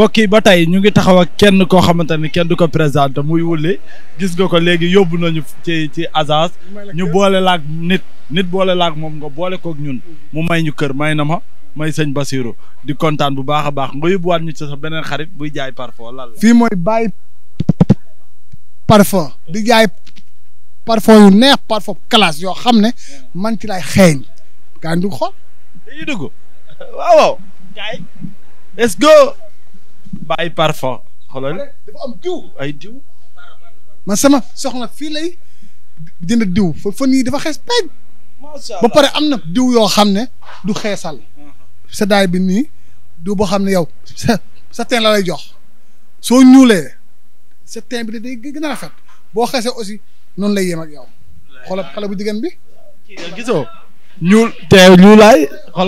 mbokk yi ba tey ñu ngi taxaw ak kenn koo xamante ni kenn du ko présenté muy Wouly gis nga ko léegi yóbbu nañu ci ci Azaz ñu boole laak nit nit boole laak moom nga boole kook ñun mu may ñu kër may na ma may sëñ Basirou di kontaan bu baax a baax nga yóbbuwaat ñu ci sa beneen xarit buy jaay parfum lal la. fii mooy bàyyi parfum di jaay parfum yu neex parfum kalaas yoo xam ne man ci lay xeeñ gaa ngi dugg xool. bàyyi parfum xoolal dafa am diw ay diw man sama soxna fii lay dina diw fa fan dafa xees peej ba pare am na diw yoo xam ne du xeesal uh-huh. sa bi nii diw boo xam ne yow sa sa la lay jox soo ñuulee sa bi day gën a rafet boo xeesee aussi noonu lay yem ak yow xoolal xale bu jigéen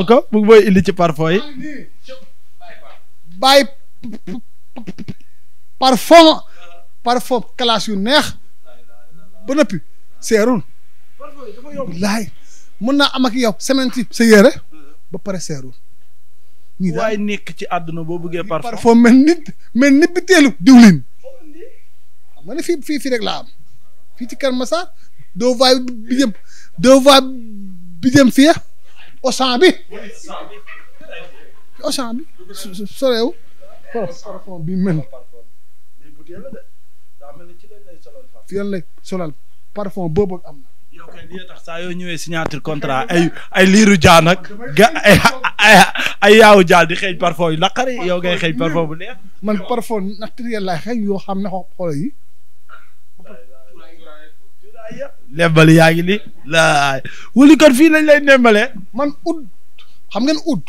ko mu mooy indi ci parfum yi parfum parfum classe yu neex ba noppi seerul laay mën naa am ak yow semaine ci sa yére ba pare seerul waaye nekk ci àdduna boo bëggee parfum parfum mel nit mel nit bi teelu diwlin xam nga ne fii fii fii rek laa am fii ci Kër Massar doo vaay bi jëm doo vaay bi jëm parfum bi mel. fi yàlla solal parfum boobu am na. yow kay li tax saa yoo ñëwee signature contrat ay ay liiru jaan ak ga ay ay yaawu jaan di xeeñ parfum yu naqari yow ngay xeeñ parfum bu neex. man parfum naturel laay xeeñ yoo xam ne xool yi. lembali yaa ngi nii laay wala kon fii lañ lay nembalee. man ut xam ngeen ut.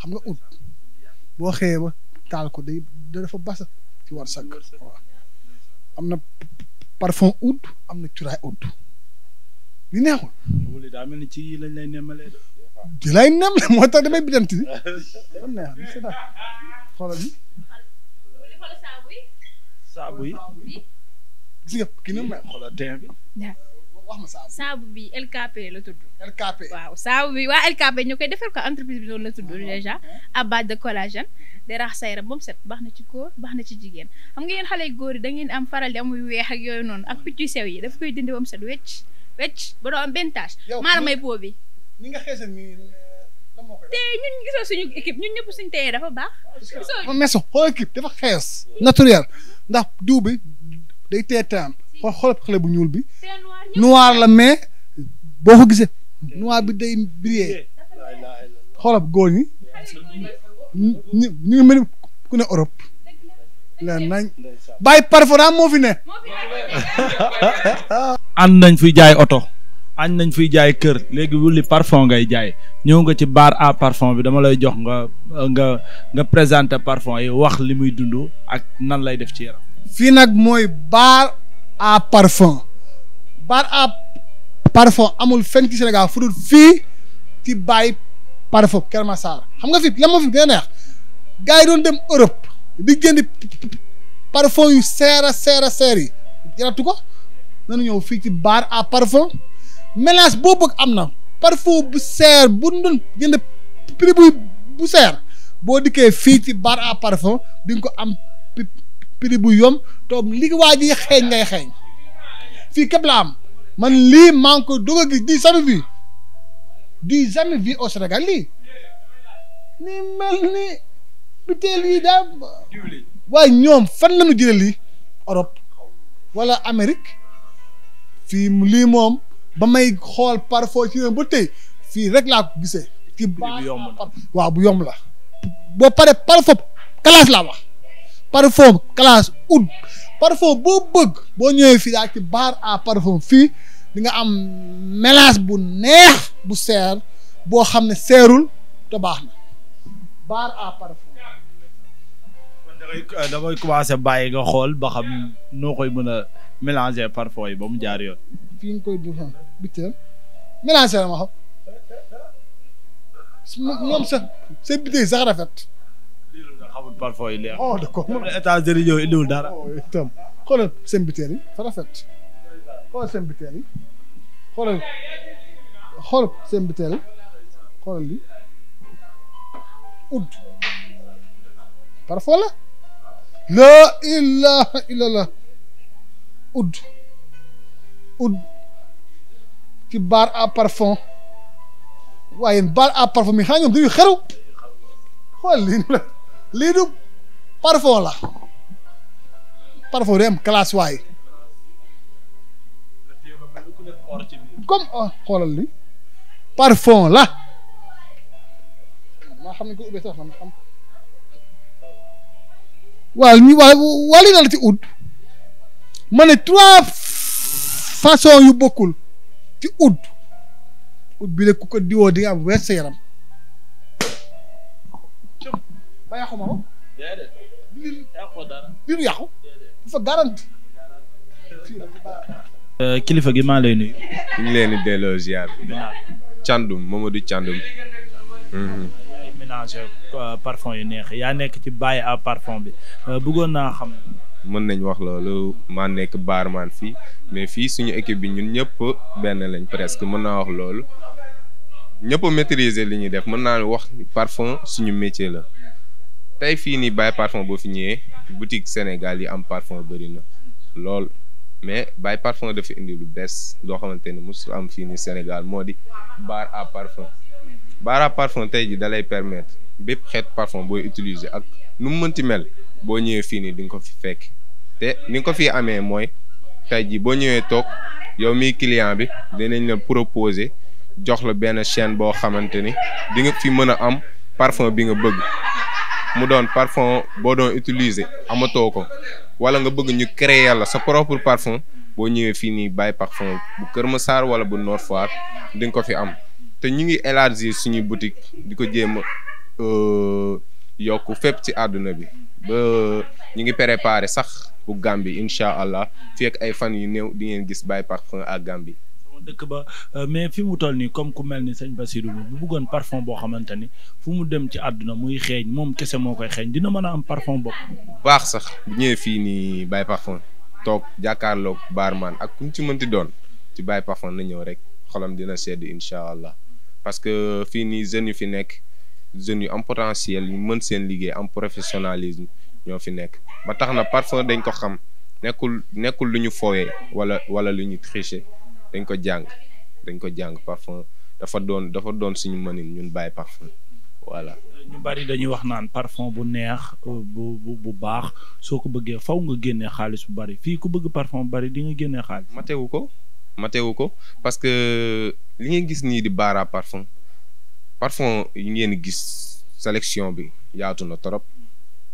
xam nga ut boo xëyee taal ko day dafa basa ci war sakk waaw am na parfum ut am na cuuraay ut li neexul. daa mel ni ci lañ lay nemmalee di lay nemmle moo tax damay bidanti di dafa neex di si daal xoolal bi saabu yi. kii na mel teen bi. wax ma saabu. saabu bi LKP la tudd. LKP waaw saabu bi waa LKP ñu koy defar ko entreprise bi noonu la tudd ah, déjà à base de collagène. di rax sa yaram ba mu set baax na ci góor baax na ci jigéen xam nga yéen xale yu góor yi da ngeen am faral di amuy weex ak yooyu noonu ak picc yu sew yi daf koy dindi ba mu set wecc wecc ba doo am benn may po bi. ni nga xeesal nii lan moo koy. te ñun gisoo suñu équipe ñun ñëpp dafa baax. gisoo meso xool équipe dafa xees. naturel ndax diw bi day tee taam xool xale bu ñuul bi. noir la mais boo ko gisee noir bi day briller xoolal góor ñi ñu ku ne Europe leer nañ bàyyi moo fi ne. ànd nañ fi jaay oto. añ nañ fiy jaay kër léegi wulli parfum ngay jaay ñëw nga ci bar à parfon bi dama lay jox nga nga nga présenter parfum yi wax li muy dund ak nan lay def ci yaram. fii nag mooy bar à parfum bar à parfum amul fen ci Sénégal fu dul fii ci bàyyi parfum Keur Massar xam nga fit lan moo fi a neex gars doon dem Europe di génn parfum yu seer a seer a seer yi jaratu ko nanu ñëw fii ci bar à parfum mélange boo bëgg am na parfum bu seer bu doon jënd prix bu bu seer boo dikkee fii ci bar à parfum di nga ko am prix bu yom toog li waa ji xeeñ ngay xeeñ fii képp laa am man lii maa ngi ko doog a gis di jamais vu di jamais vu au Sénégal lii ni mel ni waaye ñoom fan la ñu jëlee lii Europe wala Amérique fii lii moom ba may xool parfois ci ba tey fii rek laa ko gisee. bu yomb la. boo paree parfum classe laa wax parfum classe oud. parfum boo bëgg boo ñëwee fii daal ci bar à parfum fii di nga am mélange bu neex bu seer boo xam ne seerul te na bar à parfum. damay euh, damay commencé bàyyi nga xool ba xam noo koy mën a mélanger parfum yi ba mu jaar yoon. fii nga koy dugal biteel mélanger la ma xam ñoom sax seen sax rafet. parfois yi leer. oh d'accord moom états-unis ñëw indiwul dara. Oh, itam xoolal seen biteel yi fa rafet xoolal seen biteel yi xoolal xoolal seen biteel yi la. laa ilaha illallah udd udd bar à parfum waaye bar à parfum mi xanaa ñoom dañuy lii du parfum la parfum dem classe waay comme ah, xoolal la maa xam ne ko ubbee sax man xam waaw ñu waa waa li dal ci ut ma ne trois façons yu bokkul ci ut ut bi la ku ko diwoo di nga am weer sa Euh, kilifa gi maa lay nuyu. ñu leen di delloo ziar bi. Thiandoum Mamadou Thiandoum. Euh, yu neex yaa nekk ci bàyyi à parfum bi euh, bëggoon naa xam. mën nañ wax loolu maa nekk barman fii mais fii suñu équipe bi ñun ñëpp benn lañ presque mën naa wax loolu ñëpp a li ñuy def mën naa wax parfum suñu métier la. tey fii nii Baye Parfum boo fi ñëwee boutique Sénégal yi am parfum bëri na lool mais Baye Parfum dafa indi lu bees loo xamante ni mosul am fii nii Sénégal moo di bar à parfum bar à tey ji da lay permettre bépp xeet parfum booy utiliser ak nu mu mënti mel boo ñëwee fii nii di nga ko fi fekk te ni ko fi amee mooy tey ji boo ñëwee toog yow mii client bi dinañ la proposer jox la benn chaîne boo xamante ni di nga fi mën a am parfum bi nga bëgg. mu doon parfum boo doon utiliser amatoo ko wala nga bëgg ñu créer la sa propre parfum boo ñëwee fii nii Baye Parfum bu Kër saar wala bu Nord Foire di ko fi am te ñu ngi élargie suñuy boutique di ko jéem a euh, yokk fépp ci àdduna bi ba ñu ngi préparer sax bu Gambie incha allah fii ak ay fan yu néew di ngeen gis Baye Parfum ak Gambie. dëkk ba euh, mais fi mu toll nii comme ku mel ni sëñ Bassirou bu bëggoon parfum boo xamante ni fu mu dem ci àdduna muy xeeñ moom kese moo koy xeeñ dina mën a am parfum bopp. baax sax bu ñëwee fii nii Baye Parfum toog baar barman ak ku mu ci mënti doon ci Baye Parfum na ñëw rek xolam dina sedd incha allah parce que fii nii jeunes yu fi nekk jeunes yu am potentiel yu mën seen liggéey am professionnalisme ñoo fi nekk ba tax na parfum dañ ko xam nekkul nekkul lu ñu foowee wala wala lu ñu tricher. dañ ko jàng dañ ko jàng parfum dafa doon dafa doon suñu mënin ñun bàyyi parfum voilà. ñu bari dañuy wax naan parfum bu neex euh, bu bu baax soo ko bëggee fow nga génnee xaalis bu bari fii ku bëgg parfum bu bari di nga génnee xaalis. matewu ko matewu ko parce que li ngeen gis nii di baara parfum parfum yi ngeen gis sélection bi yaatu na trop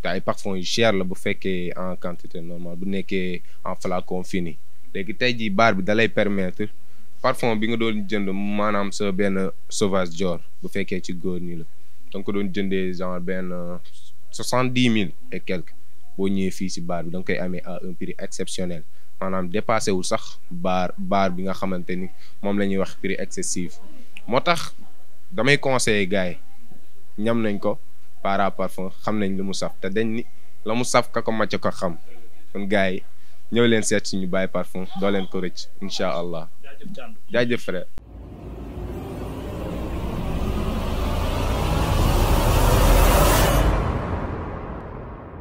te ay parfum yu cher la bu fekkee en quantité normale bu nekkee en flacon fini léegi tey jii baar bi dalay permettre parfum bi nga doon jënd maanaam sa benn sauvage dior bu fekkee ci góor nii la danga ko doon jëndee genre benn euh, soixante dix mille et quelque boo ñëwee fii si baar bi da nga koy amee à un prix exceptionnel maanaam dépassé wul sax baar baar bi nga xamante ni moom la ñuy wax prix excessif moo tax damay conseiller gars yi ñam nañ ko para parfum xam nañ lu mu saf te dañ ni la mu saf ka ko màcc ko xam kon gars yi ñëw leen seet suñu Baye Parfum doo leen ko rëcc incha allah jaajëf